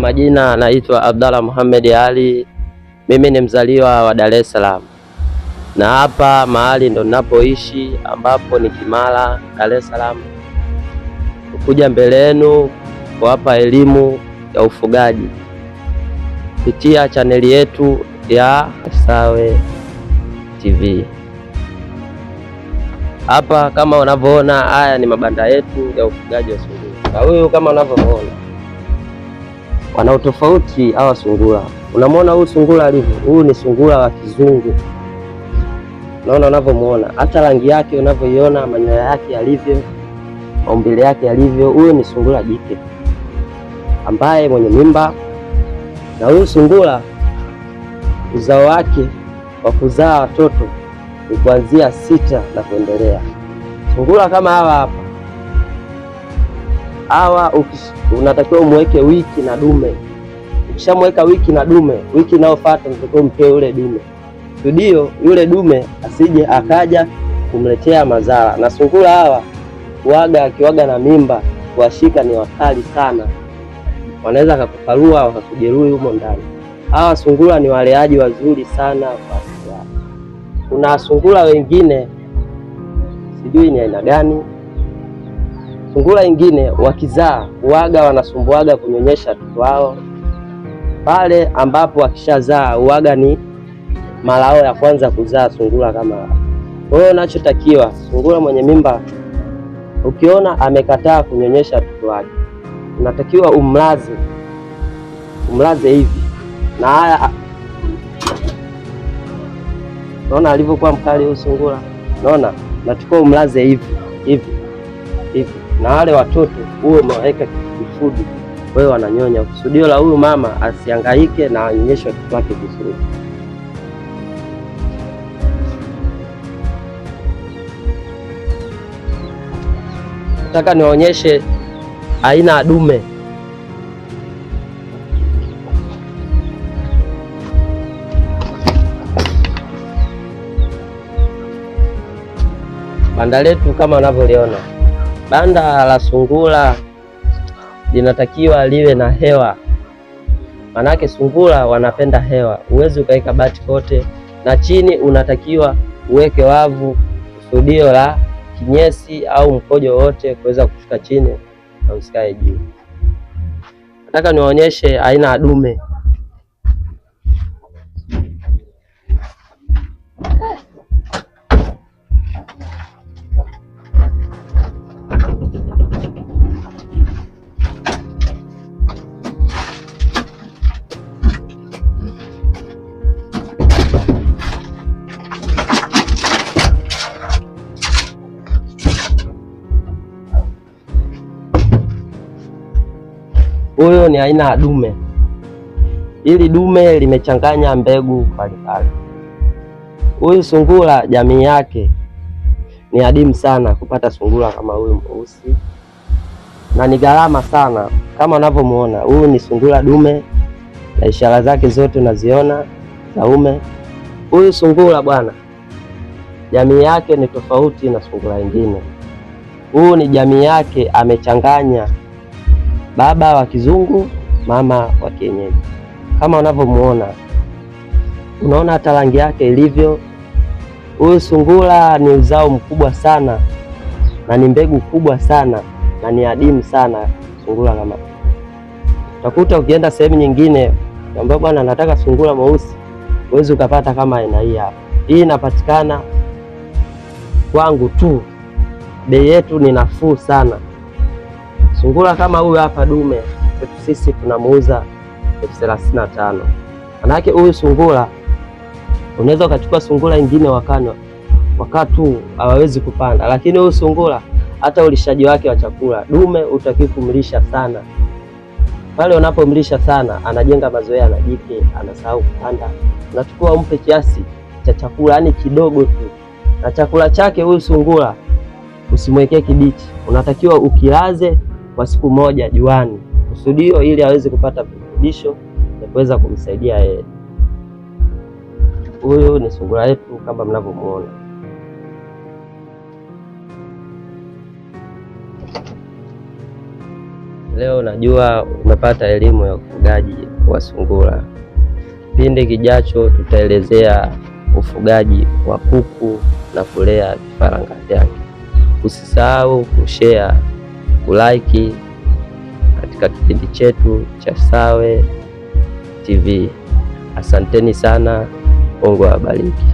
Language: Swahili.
majina naitwa Abdalla Muhammad Ali, mimi ni mzaliwa wa Dar es Salaam na hapa mahali ndo ninapoishi ambapo ni Kimara, Dar es Salaam. Kukuja mbele yenu kuwapa elimu ya ufugaji kupitia chaneli yetu ya Sawe TV. Hapa kama unavyoona, haya ni mabanda yetu ya ufugaji wa sungura. na huyu kama unavyoona wana utofauti hawa sungura. Unamwona huyu sungura alivyo, huyu ni sungura wa kizungu. Unaona unavyomwona hata rangi yake unavyoiona, manyoya yake yalivyo, maumbile yake yalivyo, huyu ni sungura jike ambaye mwenye mimba. Na huyu sungura uzao wake wa kuzaa watoto ni kuanzia sita na kuendelea. Sungura kama hawa hapa hawa unatakiwa umweke wiki na dume. Ukishamweka wiki na dume, wiki inayofuata unatakiwa umpe yule dume kusudio yule dume asije akaja kumletea madhara. Na sungura hawa waga akiwaga na mimba, kuwashika ni wakali sana, wanaweza akakuparua wakakujeruhi humo ndani. Hawa sungura ni waleaji wazuri sana kwa. Kuna sungura wengine sijui ni aina gani. Sungura ingine wakizaa uwaga wanasumbuaga kunyonyesha watoto wao. Pale ambapo wakishazaa uwaga ni mara yao ya kwanza kuzaa sungura kama wewe. Unachotakiwa sungura mwenye mimba, ukiona amekataa kunyonyesha watoto wake, unatakiwa umlaze, umlaze hivi na haya. Naona alivyokuwa mkali huyu sungura, naona natukua umlaze hivi hivi hivi na wale watoto uwe umewaweka kusudi wewe wananyonya. Kusudio la huyu mama asihangaike na anyonyeshe watoto wake vizuri. Nataka niwaonyeshe aina ya dume. Banda letu kama unavyoliona Banda la sungura linatakiwa liwe na hewa, manake sungura wanapenda hewa. Huwezi ukaweka bati kote, na chini unatakiwa uweke wavu kusudio la kinyesi au mkojo wote kuweza kushuka chini na usikae juu. Nataka niwaonyeshe aina ya dume. Huyo ni aina ya dume. Hili dume limechanganya mbegu mbalimbali. Huyu sungura jamii yake ni adimu sana kupata sungura kama huyu mweusi, na ni gharama sana. Kama unavyomuona, huyu ni sungura dume na ishara zake zote unaziona za ume. Huyu sungura bwana, jamii yake ni tofauti na sungura wengine. Huyu ni jamii yake amechanganya baba wa kizungu, mama wa kienyeji. Kama unavyomuona, unaona hata rangi yake ilivyo. Huyu sungura ni uzao mkubwa sana na ni mbegu kubwa sana na ni adimu sana sungura kama. Utakuta ukienda sehemu nyingine, ambayo bwana, nataka sungura mweusi, huwezi ukapata kama aina hii hapa. Hii inapatikana kwangu tu, bei yetu ni nafuu sana. Sungura kama huyu hapa dume kwetu sisi tunamuuza elfu thelathini na tano. Manake huyu sungura unaweza ukachukua sungura ingine wakanywa wakatu hawawezi kupanda, lakini huyu sungura hata ulishaji wake wa chakula, dume utaki kumlisha sana. Pale unapomlisha sana, anajenga mazoea na jike anasahau kupanda. Unachukua umpe kiasi cha chakula, yani kidogo tu, na chakula chake huyu sungura usimwekee kibichi, unatakiwa ukilaze kwa siku moja juani, kusudio ili aweze kupata virutubisho na kuweza kumsaidia yeye. Huyu ni sungura yetu kama mnavyomuona. Leo najua umepata elimu ya ufugaji wa sungura. Kipindi kijacho tutaelezea ufugaji wa kuku na kulea vifaranga vyake. Usisahau kushare kulike katika kipindi chetu cha Sawe TV. Asanteni sana, Mungu awabariki.